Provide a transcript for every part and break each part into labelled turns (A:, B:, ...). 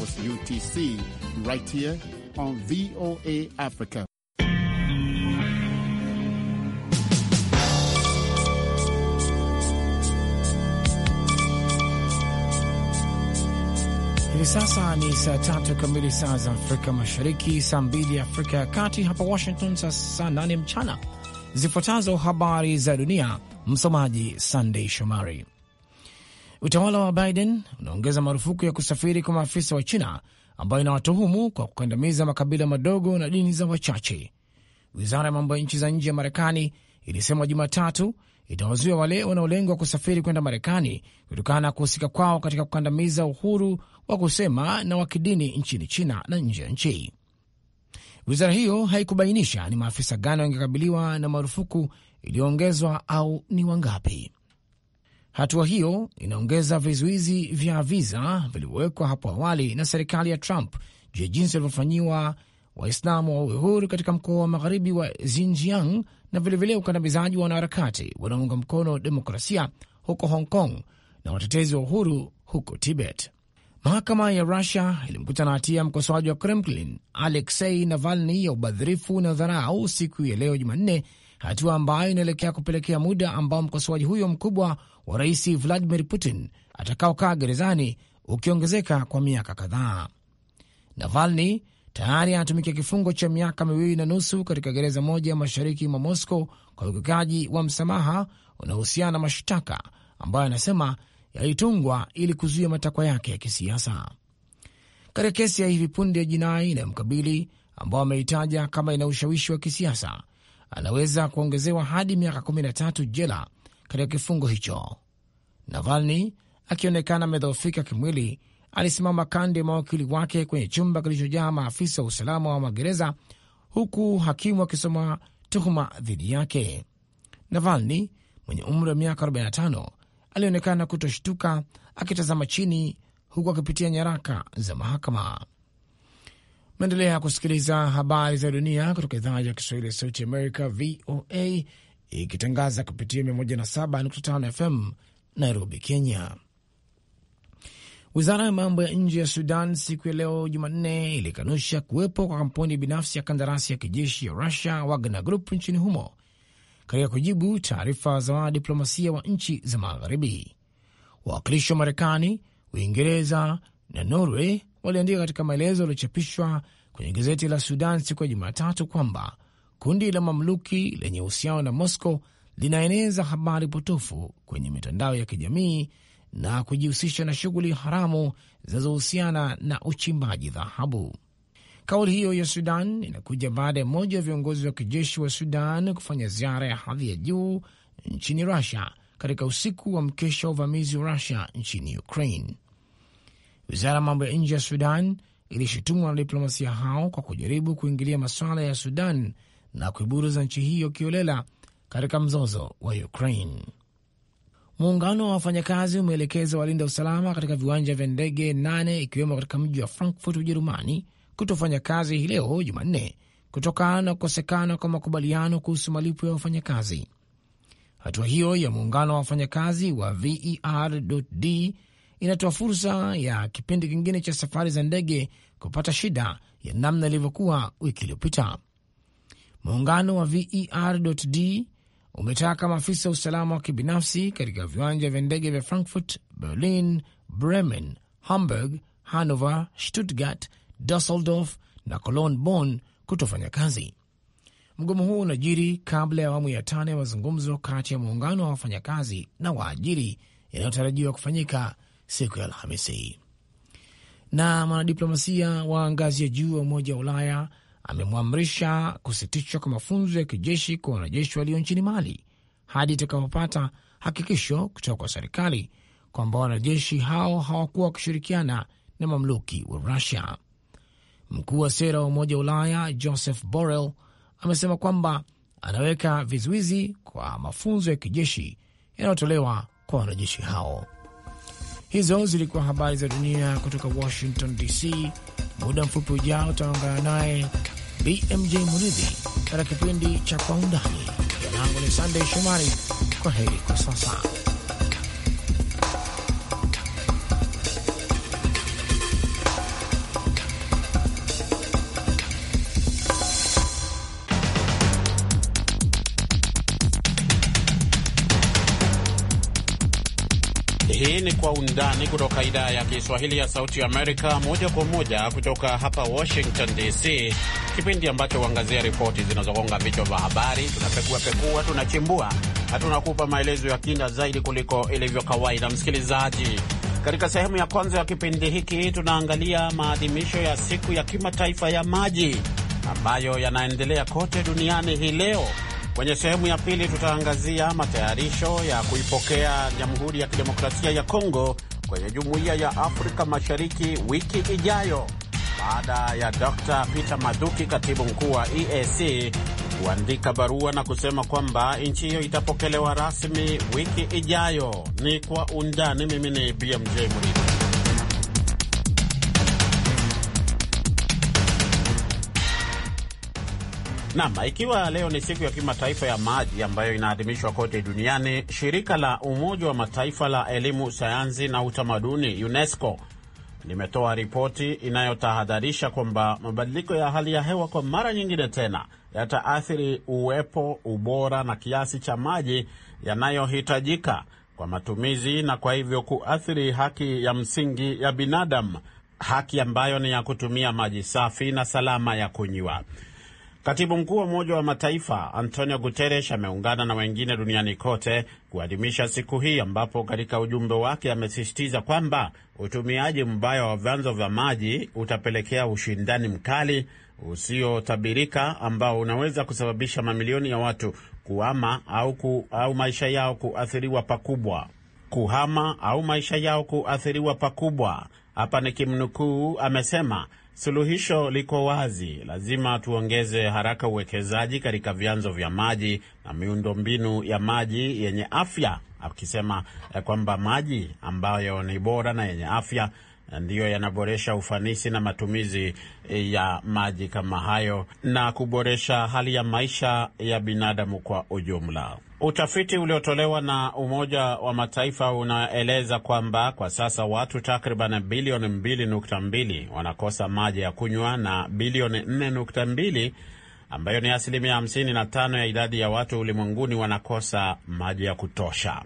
A: hours UTC right here on VOA Africa.
B: Hivi sasa ni saa tatu kamili saa za Afrika Mashariki, saa mbili Afrika ya Kati, hapa Washington saa nane mchana. Zifuatazo habari za dunia, msomaji Sandei Shomari. Utawala wa Biden unaongeza marufuku ya kusafiri kwa maafisa wa China ambayo inawatuhumu kwa kukandamiza makabila madogo na dini za wachache. Wizara ya mambo ya nchi za nje ya Marekani ilisema Jumatatu itawazuia wale wanaolengwa kusafiri kwenda Marekani kutokana na kuhusika kwao katika kukandamiza uhuru wa kusema na wa kidini nchini China na nje ya nchi. Wizara hiyo haikubainisha ni maafisa gani wangekabiliwa na marufuku iliyoongezwa au ni wangapi. Hatua hiyo inaongeza vizuizi vya viza vilivyowekwa hapo awali na serikali ya Trump juu ya jinsi walivyofanyiwa Waislamu wa Uihur katika mkoa wa magharibi wa Xinjiang na vilevile ukandamizaji wa wanaharakati wanaounga mkono demokrasia huko Hong Kong na watetezi wa uhuru huko Tibet. Mahakama ya Rusia ilimkuta na hatia mkosoaji wa Kremlin Aleksei Navalny ya ubadhirifu na dharau siku ya leo Jumanne, hatua ambayo inaelekea kupelekea muda ambao mkosoaji huyo mkubwa wa rais Vladimir Putin atakaokaa gerezani ukiongezeka kwa miaka kadhaa. Navalny tayari anatumikia kifungo cha miaka miwili na nusu katika gereza moja mashariki mwa Moscow kwa ukiukaji wa msamaha unaohusiana na mashtaka ambayo anasema yalitungwa ili kuzuia matakwa yake ya kisiasa. Katika kesi ya hivi punde ya jinai inayomkabili ambao ameitaja kama ina ushawishi wa kisiasa, anaweza kuongezewa hadi miaka 13 jela katika kifungo hicho. Navalny akionekana amedhoofika kimwili, alisimama kando ya mawakili wake kwenye chumba kilichojaa maafisa wa usalama wa magereza, huku hakimu akisoma tuhuma dhidi yake. Navalny mwenye umri wa miaka 45 alionekana kutoshtuka, akitazama chini huku akipitia nyaraka za mahakama. maendelea kusikiliza habari za dunia kutoka idhaa ya Kiswahili ya Sauti Amerika, VOA, ikitangaza kupitia 107.5 FM Nairobi, Kenya. Wizara ya mambo ya nje ya Sudan siku ya leo Jumanne ilikanusha kuwepo kwa kampuni binafsi ya kandarasi ya kijeshi ya Russia Wagner Group nchini humo katika kujibu taarifa za wanadiplomasia wa nchi za Magharibi. Wawakilishi wa Marekani, Uingereza na Norway waliandika katika maelezo yaliyochapishwa kwenye gazeti la Sudan siku ya Jumatatu kwamba kundi la mamluki lenye uhusiano na Moscow linaeneza habari potofu kwenye mitandao ya kijamii na kujihusisha na shughuli haramu zinazohusiana na uchimbaji dhahabu. Kauli hiyo ya Sudan inakuja baada ya mmoja wa viongozi wa kijeshi wa Sudan kufanya ziara ya hadhi ya juu nchini Rusia katika usiku wa mkesha wa uvamizi wa Rusia nchini Ukraine. Wizara ya mambo ya nje ya Sudan ilishutumwa na diplomasia hao kwa kujaribu kuingilia masuala ya Sudan na kuiburuza nchi hiyo kiolela katika mzozo wa Ukraine. Muungano wa wafanyakazi umeelekeza walinda usalama katika viwanja vya ndege nane ikiwemo katika mji wa Frankfurt, Ujerumani, kutofanya kazi hii leo Jumanne kutokana na kukosekana kwa makubaliano kuhusu malipo ya wafanyakazi. Hatua hiyo ya muungano wa wafanyakazi wa VERD inatoa fursa ya kipindi kingine cha safari za ndege kupata shida ya namna ilivyokuwa wiki iliyopita. Muungano wa VERD umetaka maafisa usalama wa kibinafsi katika viwanja vya ndege vya Frankfurt, Berlin, Bremen, Hamburg, Hanover, Stuttgart, Dusseldorf na Cologne Bonn kutofanya kazi. Mgomo huu unajiri kabla ya awamu ya tano ya mazungumzo kati ya muungano wa wafanyakazi na waajiri yanayotarajiwa kufanyika siku ya Alhamisi. Na mwanadiplomasia wa ngazi ya juu wa Umoja wa Ulaya amemwamrisha kusitishwa kwa mafunzo ya kijeshi kwa wanajeshi walio nchini Mali hadi itakapopata hakikisho kutoka kwa serikali kwamba wanajeshi hao hawakuwa wakishirikiana na mamluki wa Rusia. Mkuu wa sera wa Umoja wa Ulaya Joseph Borrell amesema kwamba anaweka vizuizi kwa mafunzo ya kijeshi yanayotolewa kwa wanajeshi hao. Hizo zilikuwa habari za dunia kutoka Washington DC. Muda mfupi ujao utaungana naye BMJ Muridhi katika kipindi cha Kwa Undani. Jina langu ni Sandey Shomari. Kwa heri kwa sasa.
A: Hii ni Kwa Undani kutoka idhaa ya Kiswahili ya Sauti ya Amerika, moja kwa moja kutoka hapa Washington DC kipindi ambacho huangazia ripoti zinazogonga vichwa vya habari. Tunapekuapekua, tunachimbua, hatunakupa maelezo ya kina zaidi kuliko ilivyo kawaida. Msikilizaji, katika sehemu ya kwanza ya kipindi hiki tunaangalia maadhimisho ya siku ya kimataifa ya maji ambayo yanaendelea kote duniani hii leo. Kwenye sehemu ya pili tutaangazia matayarisho ya kuipokea Jamhuri ya Kidemokrasia ya Kongo kwenye Jumuiya ya Afrika Mashariki wiki ijayo baada ya Dr. Peter maduki katibu mkuu wa EAC, kuandika barua na kusema kwamba nchi hiyo itapokelewa rasmi wiki ijayo. Ni kwa undani. Mimi ni BMJ mrid Nam, ikiwa leo ni siku ya kimataifa ya maji ambayo inaadhimishwa kote duniani, shirika la Umoja wa Mataifa la elimu, sayansi na utamaduni UNESCO limetoa ripoti inayotahadharisha kwamba mabadiliko ya hali ya hewa kwa mara nyingine tena yataathiri uwepo, ubora na kiasi cha maji yanayohitajika kwa matumizi na kwa hivyo kuathiri haki ya msingi ya binadamu, haki ambayo ni ya kutumia maji safi na salama ya kunywa. Katibu mkuu wa Umoja wa Mataifa Antonio Guterres ameungana na wengine duniani kote kuadhimisha siku hii, ambapo katika ujumbe wake amesisitiza kwamba utumiaji mbaya wa vyanzo vya maji utapelekea ushindani mkali usiotabirika ambao unaweza kusababisha mamilioni ya watu kuhama au, ku, au maisha yao kuathiriwa pakubwa kuhama au maisha yao kuathiriwa pakubwa. Hapa ni kimnukuu, amesema Suluhisho liko wazi: lazima tuongeze haraka uwekezaji katika vyanzo vya maji na miundombinu ya maji yenye afya, akisema kwamba maji ambayo ni bora na yenye afya ndiyo yanaboresha ufanisi na matumizi ya maji kama hayo na kuboresha hali ya maisha ya binadamu kwa ujumla. Utafiti uliotolewa na Umoja wa Mataifa unaeleza kwamba kwa sasa watu takriban bilioni 2.2 wanakosa maji ya kunywa na bilioni 4.2 ambayo ni asilimia 55 ya idadi ya watu ulimwenguni wanakosa maji ya kutosha.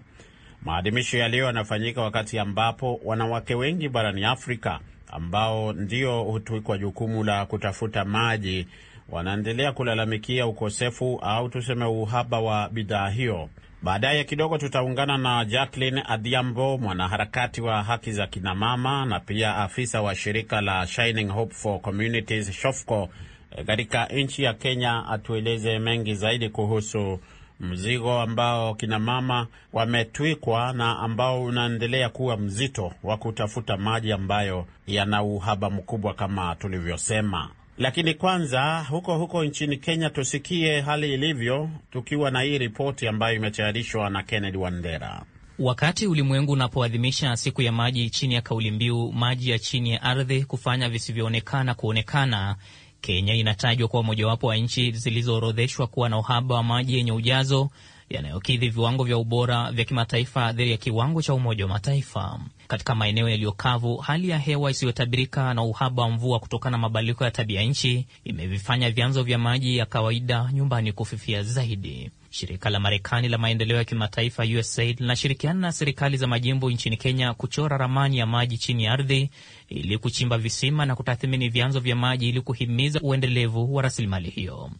A: Maadhimisho ya leo yanafanyika wakati ambapo wanawake wengi barani Afrika ambao ndio hutuikwa jukumu la kutafuta maji wanaendelea kulalamikia ukosefu au tuseme uhaba wa bidhaa hiyo. Baadaye kidogo tutaungana na Jacqueline Adhiambo, mwanaharakati wa haki za kinamama na pia afisa wa shirika la Shining Hope for Communities SHOFCO eh, katika nchi ya Kenya, atueleze mengi zaidi kuhusu mzigo ambao kinamama wametwikwa na ambao unaendelea kuwa mzito wa kutafuta maji ambayo yana uhaba mkubwa kama tulivyosema. Lakini kwanza huko huko nchini Kenya tusikie hali ilivyo, tukiwa na hii ripoti ambayo imetayarishwa na Kennedy Wandera.
C: Wakati ulimwengu unapoadhimisha siku ya maji chini ya kauli mbiu maji ya chini ya ardhi, kufanya visivyoonekana kuonekana, Kenya inatajwa kuwa mojawapo wa nchi zilizoorodheshwa kuwa na uhaba wa maji yenye ujazo yanayokidhi viwango vya ubora vya kimataifa dhidi ya kiwango cha Umoja wa Mataifa. Katika maeneo yaliyokavu, hali ya hewa isiyotabirika na uhaba wa mvua kutokana na mabadiliko ya tabia nchi imevifanya vyanzo vya maji ya kawaida nyumbani kufifia zaidi. Shirika la Marekani la maendeleo ya kimataifa USAID linashirikiana na serikali za majimbo nchini Kenya kuchora ramani ya maji chini ya ardhi ili kuchimba visima na kutathmini vyanzo vya maji ili kuhimiza uendelevu wa rasilimali hiyo.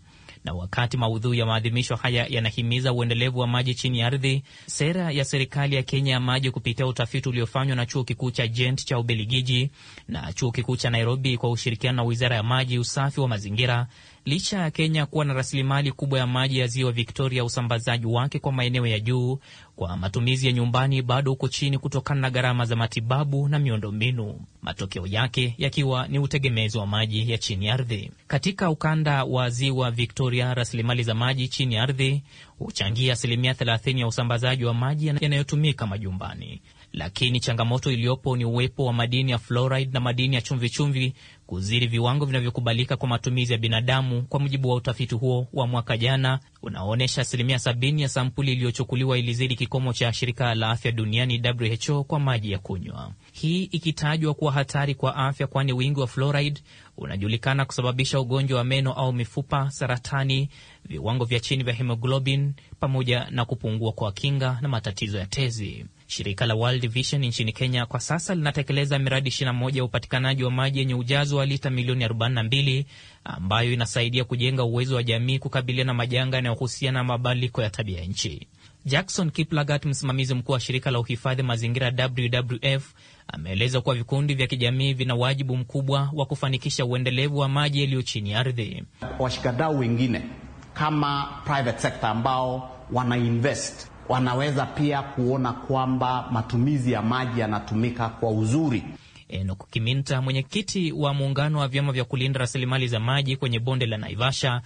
C: Na wakati maudhui ya maadhimisho haya yanahimiza uendelevu wa maji chini ya ardhi, sera ya serikali ya Kenya ya maji kupitia utafiti uliofanywa na chuo kikuu cha Jent cha Ubeligiji na chuo kikuu cha Nairobi kwa ushirikiano na wizara ya maji, usafi wa mazingira Licha ya Kenya kuwa na rasilimali kubwa ya maji ya ziwa Victoria, usambazaji wake kwa maeneo ya juu kwa matumizi ya nyumbani bado uko chini kutokana na gharama za matibabu na miundombinu, matokeo yake yakiwa ni utegemezi wa maji ya chini ardhi. Katika ukanda wa ziwa Victoria, rasilimali za maji chini ardhi huchangia asilimia 30 ya usambazaji wa maji yanayotumika majumbani, lakini changamoto iliyopo ni uwepo wa madini ya fluoride na madini ya chumvichumvi kuzidi viwango vinavyokubalika kwa matumizi ya binadamu, kwa mujibu wa utafiti huo wa mwaka jana unaoonyesha asilimia sabini ya sampuli iliyochukuliwa ilizidi kikomo cha shirika la afya duniani WHO kwa maji ya kunywa, hii ikitajwa kuwa hatari kwa afya, kwani wingi wa fluoride unajulikana kusababisha ugonjwa wa meno au mifupa, saratani, viwango vya chini vya hemoglobin, pamoja na kupungua kwa kinga na matatizo ya tezi. Shirika la World Vision nchini Kenya kwa sasa linatekeleza miradi 21 ya upatikanaji wa maji yenye ujazo wa lita milioni 42 ambayo inasaidia kujenga uwezo wa jamii kukabiliana na majanga yanayohusiana na mabadiliko ya tabia ya nchi. Jackson Kiplagat, msimamizi mkuu wa shirika la uhifadhi mazingira WWF, ameeleza kuwa vikundi vya kijamii vina wajibu mkubwa wa kufanikisha uendelevu wa maji yaliyo chini ardhi.
D: Washikadau wengine
C: kama
D: private sector ambao wanainvest wanaweza pia kuona kwamba
C: matumizi ya maji yanatumika kwa uzuri. Enok Kiminta, mwenyekiti wa muungano wa vyama vya kulinda rasilimali za maji kwenye bonde la Naivasha,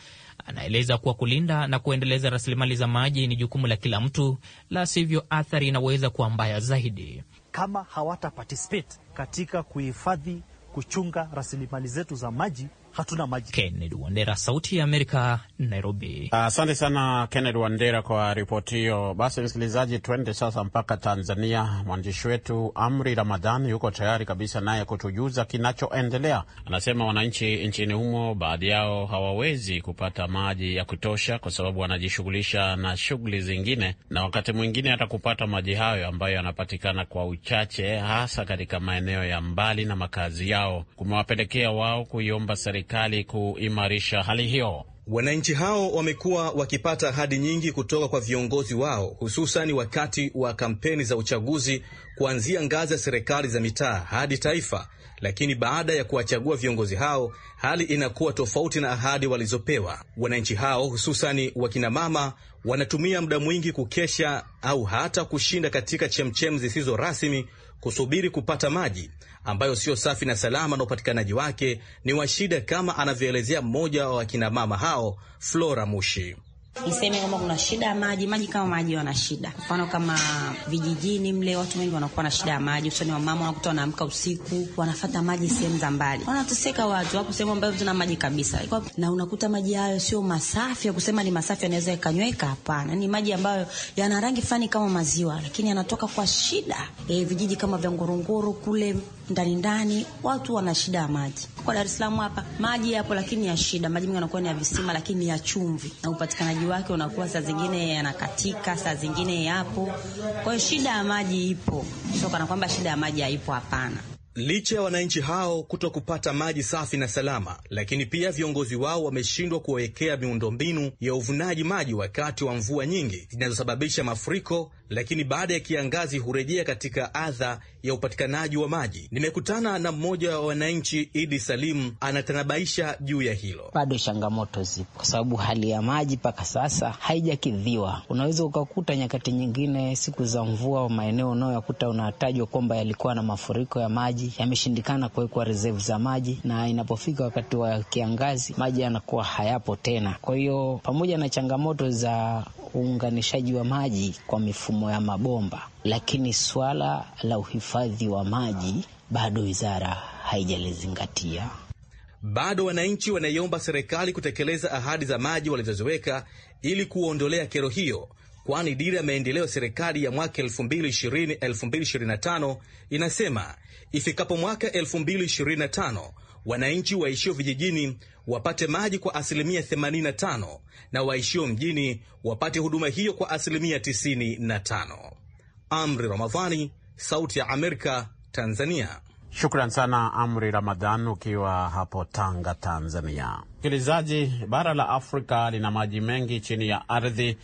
C: anaeleza kuwa kulinda na kuendeleza rasilimali za maji ni jukumu la kila mtu, la sivyo athari inaweza kuwa mbaya zaidi.
E: Kama hawata participate katika kuhifadhi, kuchunga rasilimali zetu za maji, hatuna maji. Kennedy
C: Wandera, Sauti ya Amerika,
E: Nairobi.
A: Asante uh, sana Kennedy Wandera kwa ripoti hiyo. Basi msikilizaji, twende sasa mpaka Tanzania. Mwandishi wetu Amri Ramadhani yuko tayari kabisa naye kutujuza kinachoendelea. Anasema wananchi nchini humo baadhi yao hawawezi kupata maji ya kutosha kwa sababu wanajishughulisha na shughuli zingine, na wakati mwingine hata kupata maji hayo ambayo yanapatikana kwa uchache, hasa katika maeneo ya mbali na makazi yao, kumewapelekea wao kuiomba serikali serikali kuimarisha hali hiyo.
D: Wananchi hao wamekuwa wakipata ahadi nyingi kutoka kwa viongozi wao, hususan wakati wa kampeni za uchaguzi, kuanzia ngazi ya serikali za mitaa hadi taifa. Lakini baada ya kuwachagua viongozi hao, hali inakuwa tofauti na ahadi walizopewa. Wananchi hao, hususani wakinamama, wanatumia muda mwingi kukesha au hata kushinda katika chemchem zisizo rasmi kusubiri kupata maji ambayo sio safi na salama na upatikanaji wake ni wa shida, kama anavyoelezea mmoja wa wakinamama hao Flora Mushi.
C: Niseme kwamba kuna shida ya maji. Maji kama maji wana shida, mfano kama vijijini mle, watu wengi wanakuwa na shida ya maji, usoni wa mama wanakuta wanaamka usiku, wanafata maji sehemu za mbali, wanateseka. Watu wapo sehemu ambayo zina maji kabisa, na unakuta maji hayo sio masafi. Ya kusema ni masafi, yanaweza yakanyweka, hapana. Ni maji ambayo yana rangi fani kama maziwa, lakini yanatoka kwa shida. E, vijiji kama vya Ngorongoro kule ndani ndani, watu wana shida ya maji. Kwa Dar es Salaam hapa maji yapo, lakini ya shida. Maji mingi yanakuwa ni ya visima, lakini ya chumvi, na upatikanaji wake unakuwa saa zingine yanakatika, saa zingine yapo. Kwa hiyo shida ya maji ipo, sio kana kwamba shida ya maji haipo, hapana.
D: Licha ya wananchi hao kuto kupata maji safi na salama, lakini pia viongozi wao wameshindwa kuwawekea miundombinu ya uvunaji maji wakati wa mvua nyingi zinazosababisha mafuriko lakini baada ya kiangazi hurejea katika adha ya upatikanaji wa maji. Nimekutana na mmoja wa wananchi Idi Salim, anatanabaisha juu ya
C: hilo. Bado changamoto zipo, kwa sababu hali ya maji mpaka sasa haijakidhiwa. Unaweza ukakuta nyakati nyingine, siku za mvua, maeneo unayoyakuta unatajwa kwamba yalikuwa na mafuriko ya maji, yameshindikana kuwekwa reserve za maji, na inapofika wakati wa kiangazi maji yanakuwa hayapo tena. Kwa hiyo pamoja na changamoto za uunganishaji wa maji kwa mifumo ya mabomba, lakini swala la uhifadhi wa maji bado wizara haijalizingatia.
D: Bado wananchi wanaiomba serikali kutekeleza ahadi za maji walizoziweka ili kuondolea kero hiyo, kwani dira ya maendeleo ya serikali ya mwaka 2020-2025 inasema ifikapo mwaka 2025 wananchi waishio vijijini wapate maji kwa asilimia 85 na waishio mjini wapate huduma hiyo kwa asilimia 95. Amri Ramadhani, Sauti ya Amerika, Tanzania.
A: Shukran sana Amri Ramadhan, ukiwa hapo Tanga, Tanzania. Msikilizaji, bara la Afrika lina maji mengi chini ya ardhi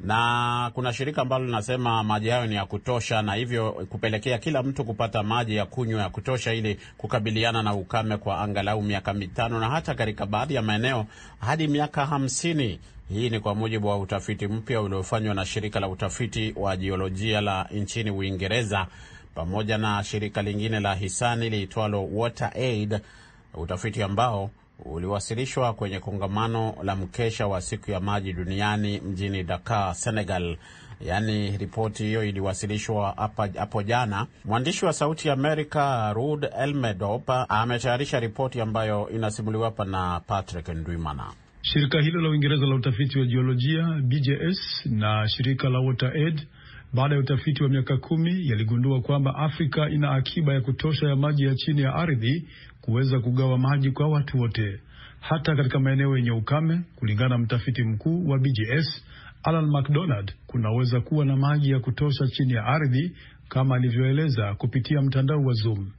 A: na kuna shirika ambalo linasema maji hayo ni ya kutosha, na hivyo kupelekea kila mtu kupata maji ya kunywa ya kutosha ili kukabiliana na ukame kwa angalau miaka mitano na hata katika baadhi ya maeneo hadi miaka hamsini. Hii ni kwa mujibu wa utafiti mpya uliofanywa na shirika la utafiti wa jiolojia la nchini Uingereza pamoja na shirika lingine la hisani liitwalo WaterAid, utafiti ambao uliwasilishwa kwenye kongamano la mkesha wa siku ya maji duniani mjini Dakar, Senegal. Yaani, ripoti hiyo iliwasilishwa hapo jana. Mwandishi wa Sauti ya Amerika Rud Elmedop ametayarisha ripoti ambayo inasimuliwa hapa na Patrick Ndwimana.
F: Shirika hilo la Uingereza la utafiti wa jiolojia bjs na shirika la WaterAid baada ya utafiti wa miaka kumi yaligundua kwamba Afrika ina akiba ya kutosha ya maji ya chini ya ardhi kuweza kugawa maji kwa watu wote, hata katika maeneo yenye ukame. Kulingana na mtafiti mkuu wa BGS Alan McDonald, kunaweza kuwa na maji ya kutosha chini ya ardhi kama alivyoeleza kupitia mtandao wa Zoom.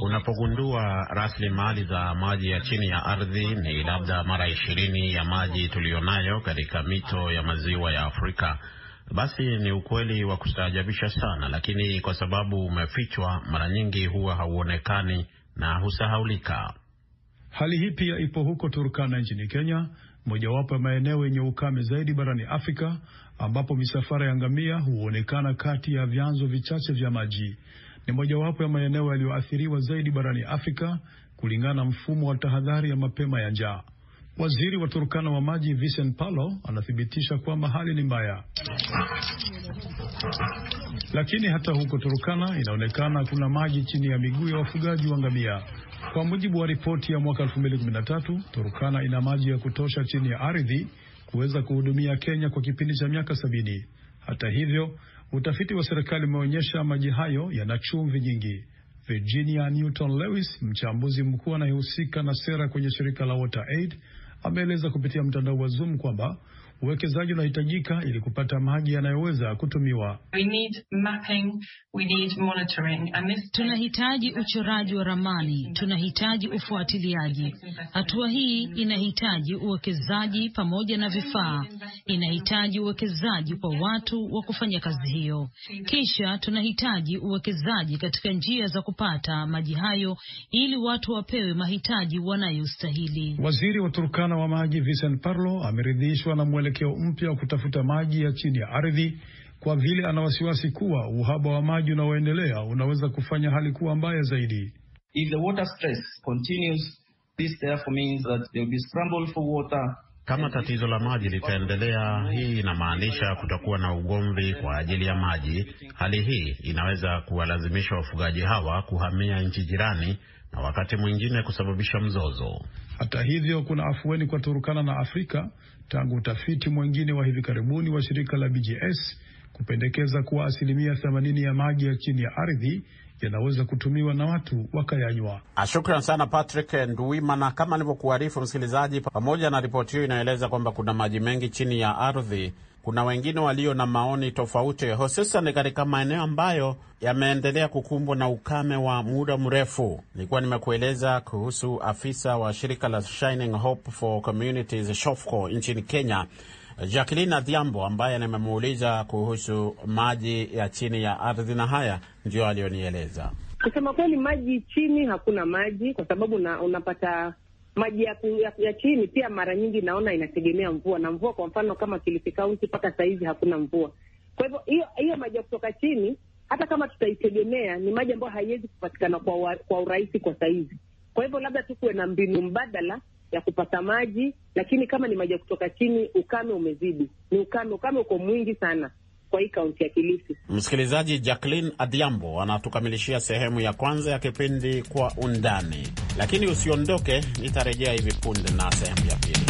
E: Unapogundua rasilimali za
A: maji ya chini ya ardhi ni labda mara ishirini ya maji tuliyonayo katika mito ya maziwa ya Afrika basi ni ukweli wa kustaajabisha sana, lakini kwa sababu umefichwa, mara nyingi huwa hauonekani na husahaulika.
F: Hali hii pia ipo huko Turkana nchini Kenya, mojawapo ya maeneo yenye ukame zaidi barani Afrika, ambapo misafara ya ngamia huonekana kati ya vyanzo vichache vya maji. Ni mojawapo ya maeneo yaliyoathiriwa zaidi barani Afrika kulingana na mfumo wa tahadhari ya mapema ya njaa. Waziri wa Turkana wa maji Vincent Palo anathibitisha kwamba hali ni mbaya, lakini hata huko Turkana inaonekana kuna maji chini ya miguu ya wafugaji wa ngamia. Kwa mujibu wa ripoti ya mwaka 2013, Turkana ina maji ya kutosha chini ya ardhi kuweza kuhudumia Kenya kwa kipindi cha miaka sabini. Hata hivyo, utafiti wa serikali umeonyesha maji hayo yana chumvi nyingi. Virginia Newton Lewis, mchambuzi mkuu anayehusika na sera kwenye shirika la WaterAid ameeleza kupitia mtandao wa Zoom kwamba Uwekezaji unahitajika ili kupata maji yanayoweza kutumiwa. We need mapping, we need monitoring, and this... tunahitaji uchoraji wa ramani, tunahitaji ufuatiliaji. Hatua hii inahitaji uwekezaji pamoja na vifaa, inahitaji uwekezaji kwa watu wa kufanya kazi hiyo, kisha tunahitaji uwekezaji katika njia za kupata maji hayo ili watu wapewe mahitaji wanayostahili. Waziri wa Turkana wa maji Vincent Parlo ameridhishwa na mwele mwelekeo mpya wa kutafuta maji ya chini ya ardhi kwa vile ana wasiwasi kuwa uhaba wa maji unaoendelea unaweza kufanya hali kuwa mbaya zaidi.
E: If the water stress continues, this therefore means that there will be scramble for water.
F: Kama tatizo
E: la
A: maji
F: litaendelea,
A: hii inamaanisha kutakuwa na ugomvi kwa ajili ya maji. Hali hii inaweza kuwalazimisha wafugaji hawa kuhamia nchi jirani na wakati mwingine kusababisha
F: mzozo. Hata hivyo, kuna afueni kwa Turukana na Afrika tangu utafiti mwingine wa hivi karibuni wa shirika la BGS kupendekeza kuwa asilimia 80 ya maji ya chini ya ardhi yanaweza kutumiwa na watu wakayanywa.
A: Ah, shukran sana Patrick Nduwimana. Kama nilivyokuarifu, msikilizaji, pamoja na ripoti hiyo inaeleza kwamba kuna maji mengi chini ya ardhi kuna wengine walio na maoni tofauti, hususan katika maeneo ambayo yameendelea kukumbwa na ukame wa muda mrefu. Nilikuwa nimekueleza kuhusu afisa wa shirika la Shining Hope for Communities SHOFCO nchini Kenya, Jacqueline Adhiambo, ambaye nimemuuliza kuhusu maji ya chini ya ardhi, na haya ndiyo aliyonieleza.
B: Kusema kweli, maji chini, hakuna maji kwa sababu unapata
C: maji ya, ya, ya chini pia mara nyingi naona inategemea mvua na mvua. Kwa mfano kama Kilifi Kaunti mpaka sahizi hakuna mvua, kwa hivyo hiyo hiyo maji ya kutoka chini hata kama tutaitegemea ni maji ambayo haiwezi kupatikana kwa, kwa urahisi kwa sahizi. Kwa hivyo labda tukuwe na mbinu mbadala ya kupata maji, lakini kama ni maji ya kutoka chini, ukame umezidi, ni ukame, ukame uko mwingi sana kwa hii kaunti ya Kilifi.
A: Msikilizaji, Jacqueline Adhiambo anatukamilishia sehemu ya kwanza ya kipindi Kwa Undani, lakini usiondoke, nitarejea hivi punde na sehemu ya pili.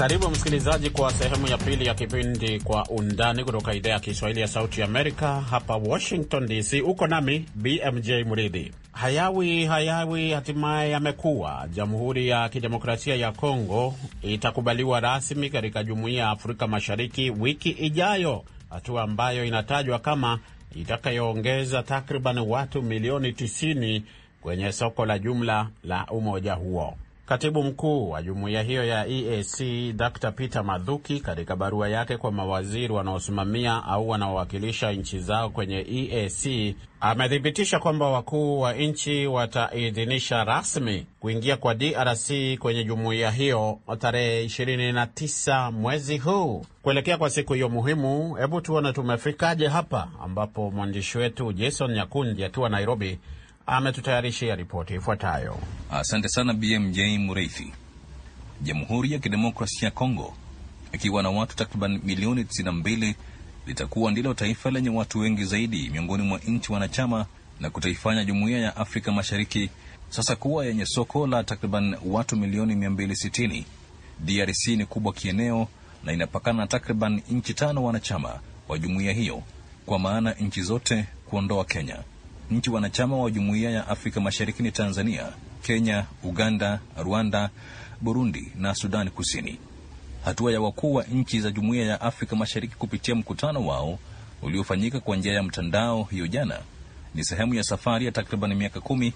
A: Karibu msikilizaji, kwa sehemu ya pili ya kipindi Kwa Undani kutoka idhaa ya Kiswahili ya Sauti Amerika hapa Washington DC. Uko nami BMJ Mridhi. Hayawi hayawi hatimaye yamekuwa. Jamhuri ya Kidemokrasia ya Kongo itakubaliwa rasmi katika Jumuiya ya Afrika Mashariki wiki ijayo, hatua ambayo inatajwa kama itakayoongeza takriban watu milioni 90 kwenye soko la jumla la umoja huo. Katibu mkuu wa jumuiya hiyo ya EAC Dr Peter madhuki katika barua yake kwa mawaziri wanaosimamia au wanaowakilisha nchi zao kwenye EAC, amethibitisha kwamba wakuu wa nchi wataidhinisha rasmi kuingia kwa DRC kwenye jumuiya hiyo tarehe 29 mwezi huu. Kuelekea kwa siku hiyo muhimu, hebu tuone tumefikaje hapa, ambapo mwandishi wetu Jason Nyakundi akiwa Nairobi ametutayarishia ripoti ifuatayo.
G: Asante sana BMJ Mureithi. Jamhuri ya Kidemokrasia ya Kongo ikiwa na watu takriban milioni 92 litakuwa ndilo taifa lenye watu wengi zaidi miongoni mwa nchi wanachama na kutaifanya Jumuiya ya Afrika Mashariki sasa kuwa yenye soko la takriban watu milioni 260. DRC ni kubwa kieneo na inapakana na takriban nchi tano wanachama wa jumuiya hiyo, kwa maana nchi zote kuondoa Kenya. Nchi wanachama wa Jumuiya ya Afrika Mashariki ni Tanzania, Kenya, Uganda, Rwanda, Burundi na Sudan Kusini. Hatua ya wakuu wa nchi za Jumuiya ya Afrika Mashariki kupitia mkutano wao uliofanyika kwa njia ya mtandao hiyo jana ni sehemu ya safari ya takriban miaka kumi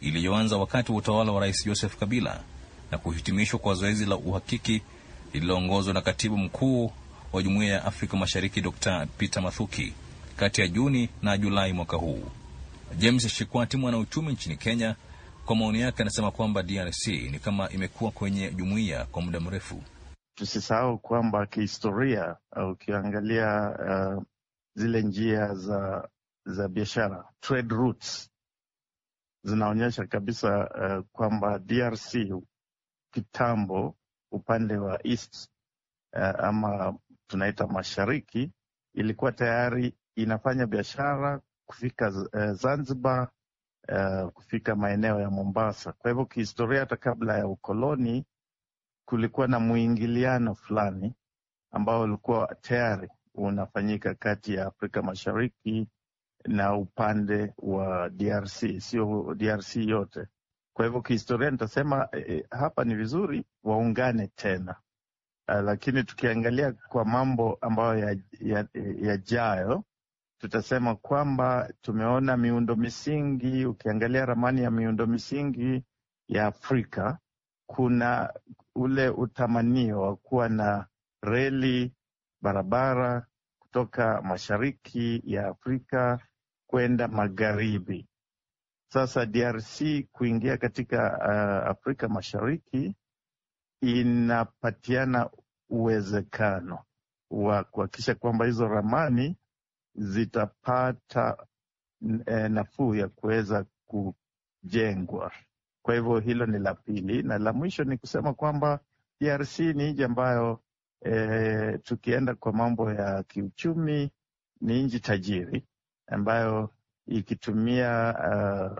G: iliyoanza wakati wa utawala wa Rais Joseph Kabila na kuhitimishwa kwa zoezi la uhakiki lililoongozwa na katibu mkuu wa Jumuiya ya Afrika Mashariki Dr. Peter Mathuki kati ya Juni na Julai mwaka huu. James Shikwati, mwana uchumi nchini Kenya, kwa maoni yake anasema kwamba DRC ni kama imekuwa kwenye jumuiya kwa muda mrefu.
H: Tusisahau kwamba kihistoria, uh, ukiangalia uh, zile njia za za biashara trade routes zinaonyesha kabisa uh, kwamba DRC kitambo upande wa east uh, ama tunaita mashariki ilikuwa tayari inafanya biashara kufika eh, Zanzibar, uh, kufika maeneo ya Mombasa. Kwa hivyo kihistoria, hata kabla ya ukoloni kulikuwa na mwingiliano fulani ambao ulikuwa tayari unafanyika kati ya Afrika Mashariki na upande wa DRC, sio DRC yote. Kwa hivyo kihistoria nitasema eh, hapa ni vizuri waungane tena. Uh, lakini tukiangalia kwa mambo ambayo yajayo ya, ya tutasema kwamba tumeona miundo misingi. Ukiangalia ramani ya miundo misingi ya Afrika, kuna ule utamanio wa kuwa na reli, barabara kutoka mashariki ya Afrika kwenda magharibi. Sasa DRC kuingia katika uh, Afrika Mashariki inapatiana uwezekano wa kuhakikisha kwamba hizo ramani zitapata e, nafuu ya kuweza kujengwa. Kwa hivyo hilo ni la pili, na la mwisho ni kusema kwamba DRC ni nchi ambayo e, tukienda kwa mambo ya kiuchumi ni nchi tajiri ambayo ikitumia uh,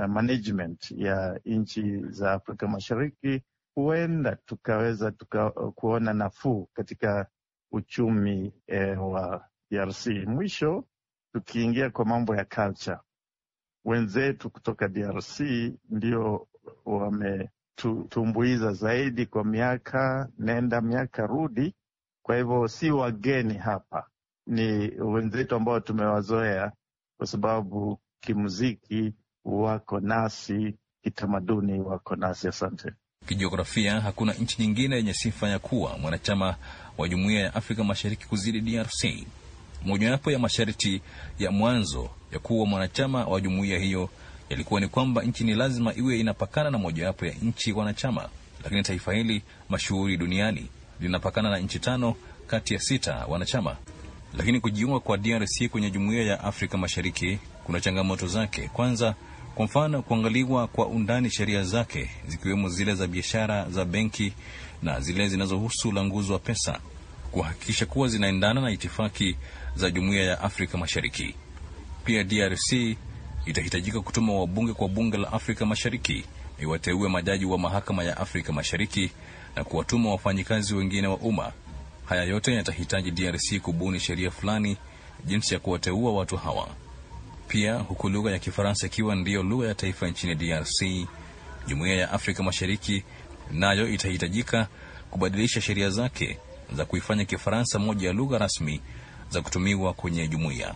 H: uh, management ya nchi za Afrika Mashariki huenda tukaweza tuka, uh, kuona nafuu katika uchumi eh, wa DRC. Mwisho, tukiingia kwa mambo ya culture, wenzetu kutoka DRC ndio wametutumbuiza zaidi kwa miaka nenda miaka rudi. Kwa hivyo si wageni hapa, ni wenzetu ambao tumewazoea kwa sababu kimuziki wako nasi, kitamaduni wako nasi. Asante.
G: Kijiografia, hakuna nchi nyingine yenye sifa ya kuwa mwanachama wa jumuiya ya Afrika Mashariki kuzidi DRC. Mojawapo ya masharti ya mwanzo ya kuwa mwanachama wa jumuiya hiyo yalikuwa ni kwamba nchi ni lazima iwe inapakana na mojawapo ya nchi wanachama, lakini taifa hili mashuhuri duniani linapakana na nchi tano kati ya sita wanachama. Lakini kujiunga kwa DRC kwenye jumuiya ya Afrika Mashariki kuna changamoto zake. Kwanza, kwa mfano, kuangaliwa kwa undani sheria zake zikiwemo zile za biashara za benki na zile zinazohusu ulanguzi wa pesa, kuhakikisha kuwa zinaendana na itifaki za Jumuiya ya Afrika Mashariki. Pia DRC itahitajika kutuma wabunge kwa bunge la Afrika Mashariki iwateue majaji wa mahakama ya Afrika Mashariki na kuwatuma wafanyikazi wengine wa umma. Haya yote yatahitaji DRC kubuni sheria fulani jinsi ya kuwateua watu hawa. Pia huku lugha ya Kifaransa ikiwa ndiyo lugha ya taifa nchini DRC, Jumuiya ya Afrika Mashariki nayo itahitajika kubadilisha sheria zake za kuifanya Kifaransa moja ya lugha rasmi za kutumiwa kwenye jumuiya.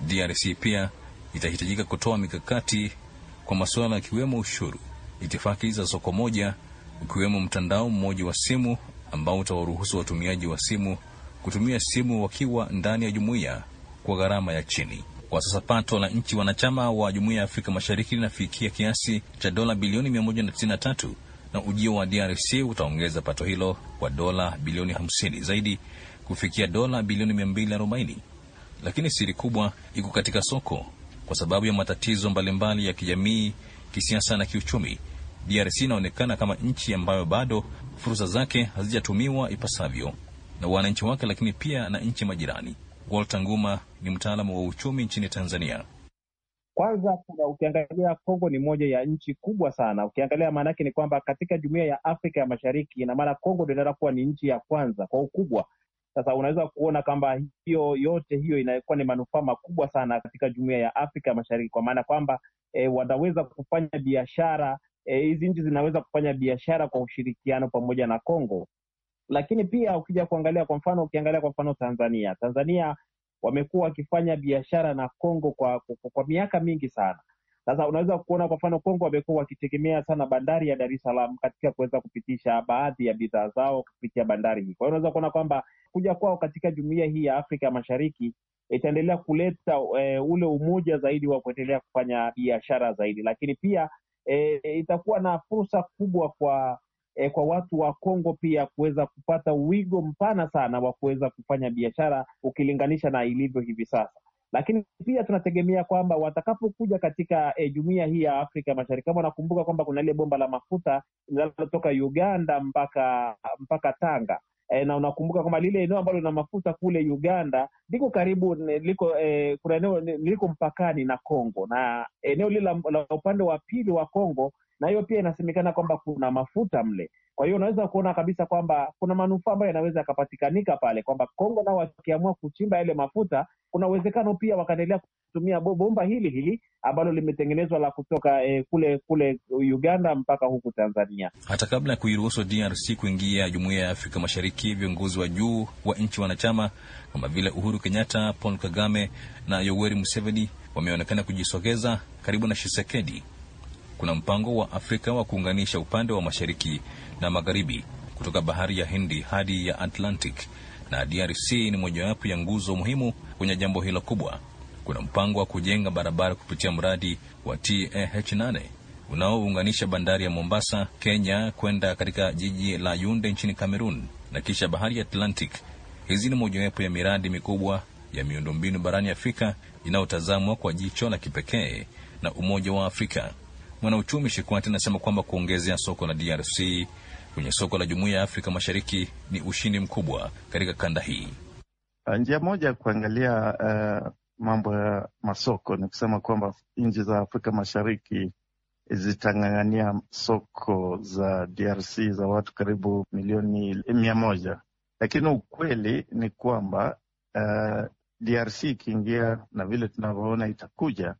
G: DRC pia itahitajika kutoa mikakati kwa masuala yakiwemo ushuru, itifaki za soko moja, ukiwemo mtandao mmoja wa simu ambao utawaruhusu watumiaji wa simu kutumia simu wakiwa ndani ya jumuiya kwa gharama ya chini. Kwa sasa pato la nchi wanachama wa jumuiya ya Afrika Mashariki linafikia kiasi cha dola bilioni 193 na ujio wa DRC utaongeza pato hilo kwa dola bilioni 50 zaidi kufikia dola bilioni 240, lakini siri kubwa iko katika soko. Kwa sababu ya matatizo mbalimbali ya kijamii, kisiasa na kiuchumi, DRC inaonekana kama nchi ambayo bado fursa zake hazijatumiwa ipasavyo na wananchi wake, lakini pia na nchi majirani. Walter Nguma ni mtaalamu wa uchumi nchini Tanzania.
E: Kwanza kuna ukiangalia Kongo ni moja ya nchi kubwa sana. Ukiangalia maana yake ni kwamba katika jumuiya ya Afrika ya Mashariki, ina maana Kongo ndio inaenda kuwa ni nchi ya kwanza kwa ukubwa sasa unaweza kuona kwamba hiyo yote hiyo inakuwa ni manufaa makubwa sana katika jumuiya ya Afrika Mashariki, kwa maana kwamba e, eh, wanaweza kufanya biashara eh, hizi e, nchi zinaweza kufanya biashara kwa ushirikiano pamoja na Kongo. Lakini pia ukija kuangalia kwa mfano, ukiangalia kwa mfano Tanzania, Tanzania wamekuwa wakifanya biashara na Kongo kwa, kwa, kwa miaka mingi sana sasa unaweza kuona kwa mfano Kongo wamekuwa wakitegemea sana bandari ya Dar es Salaam katika kuweza kupitisha baadhi ya bidhaa zao kupitia bandari hii. Kwa hiyo unaweza kuona kwamba kuja kwao katika jumuiya hii ya Afrika Mashariki itaendelea kuleta e, ule umoja zaidi wa kuendelea kufanya biashara zaidi, lakini pia e, itakuwa na fursa kubwa kwa e, kwa watu wa Kongo pia kuweza kupata wigo mpana sana wa kuweza kufanya biashara ukilinganisha na ilivyo hivi sasa lakini pia tunategemea kwamba watakapokuja katika e, eh, jumuia hii ya Afrika Mashariki, kama unakumbuka kwamba kuna lile bomba la mafuta linalotoka Uganda mpaka mpaka Tanga e, na unakumbuka kwamba lile eneo ambalo lina mafuta kule Uganda liko karibu liko eh, kuna eneo liko mpakani na Kongo na eneo lile la upande wa pili wa Kongo, na hiyo pia inasemekana kwamba kuna mafuta mle. Kwa hiyo unaweza kuona kabisa kwamba kuna manufaa ambayo yanaweza yakapatikanika pale, kwamba Kongo nao wakiamua kuchimba yale mafuta, kuna uwezekano pia wakaendelea kutumia bomba hili hili ambalo limetengenezwa la kutoka eh, kule kule Uganda mpaka huku Tanzania.
G: Hata kabla ya kuiruhusu DRC kuingia Jumuiya ya Afrika Mashariki, viongozi wa juu wa nchi wanachama kama vile Uhuru Kenyatta, Paul Kagame na Yoweri Museveni wameonekana kujisogeza karibu na Shisekedi. Kuna mpango wa Afrika wa kuunganisha upande wa mashariki na magharibi kutoka bahari ya Hindi hadi ya Atlantic, na DRC ni mojawapo ya nguzo muhimu kwenye jambo hilo kubwa. Kuna mpango wa kujenga barabara kupitia mradi wa TAH8 unaounganisha bandari ya Mombasa, Kenya, kwenda katika jiji la yunde nchini Cameroon na kisha bahari ya Atlantic Hizi ni mojawapo ya miradi mikubwa ya miundombinu barani Afrika inayotazamwa kwa jicho la kipekee na Umoja wa Afrika. Mwanauchumi Shikwati anasema kwamba kuongezea soko la DRC kwenye soko la Jumuiya ya Afrika Mashariki ni ushindi mkubwa katika kanda hii.
H: Ah, njia moja ya kuangalia uh, mambo ya masoko ni kusema kwamba nchi za Afrika Mashariki zitang'ang'ania soko za DRC za watu karibu milioni mia moja lakini ukweli ni kwamba uh, eh, DRC ikiingia na vile tunavyoona itakuja,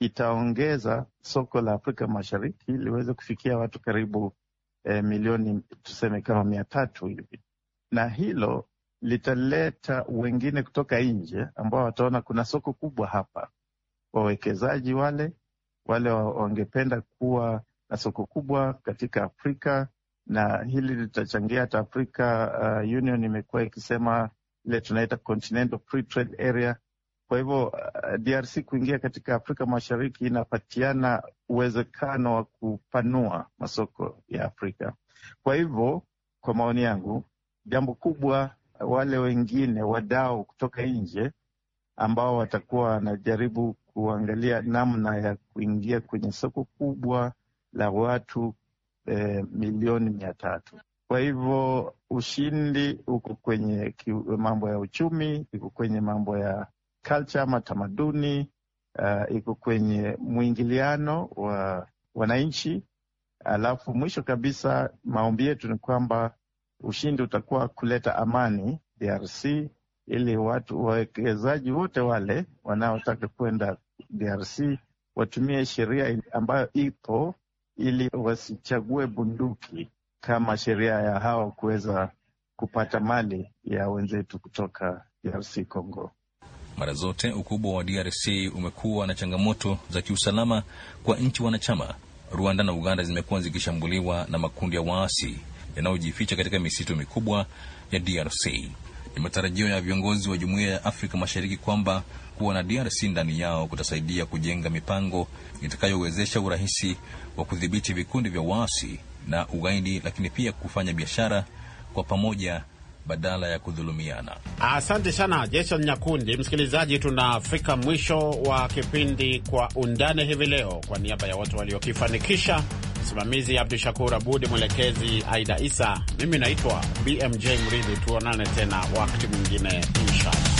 H: itaongeza soko la Afrika Mashariki liweze kufikia watu karibu eh, milioni tuseme kama mia tatu hivi, na hilo litaleta wengine kutoka nje ambao wataona kuna soko kubwa hapa. Wawekezaji wale wale wangependa kuwa na soko kubwa katika Afrika na hili litachangia hata afrika uh, Union imekuwa ikisema ile tunaita Continental Free Trade Area. Kwa hivyo uh, DRC kuingia katika Afrika Mashariki inapatiana uwezekano wa kupanua masoko ya Afrika. Kwa hivyo, kwa maoni yangu, jambo kubwa, uh, wale wengine wadau kutoka nje ambao watakuwa wanajaribu kuangalia namna ya kuingia kwenye soko kubwa la watu e, milioni mia tatu. Kwa hivyo ushindi uko kwenye mambo ya uchumi, iko kwenye mambo ya culture ama tamaduni, uh, iko kwenye mwingiliano wa wananchi. Alafu mwisho kabisa, maombi yetu ni kwamba ushindi utakuwa kuleta amani DRC, ili watu wawekezaji wote wale wanaotaka kwenda DRC watumie sheria ambayo ipo ili wasichague bunduki kama sheria ya hawa kuweza kupata mali ya wenzetu kutoka DRC Congo.
G: Mara zote ukubwa wa DRC umekuwa na changamoto za kiusalama kwa nchi wanachama. Rwanda na Uganda zimekuwa zikishambuliwa na makundi ya waasi yanayojificha katika misitu mikubwa ya DRC. Ni matarajio ya viongozi wa Jumuiya ya Afrika Mashariki kwamba kuwa na DRC ndani yao kutasaidia kujenga mipango itakayowezesha urahisi wa kudhibiti vikundi vya waasi na ugaidi, lakini pia kufanya biashara kwa pamoja badala ya kudhulumiana.
A: Asante sana Jason Nyakundi. Msikilizaji, tunafika mwisho wa kipindi Kwa Undani hivi leo. Kwa niaba ya watu waliokifanikisha Msimamizi Abdu Shakur Abud, mwelekezi Aida Isa. Mimi naitwa BMJ Mridhi. Tuonane tena wakati mwingine, inshallah.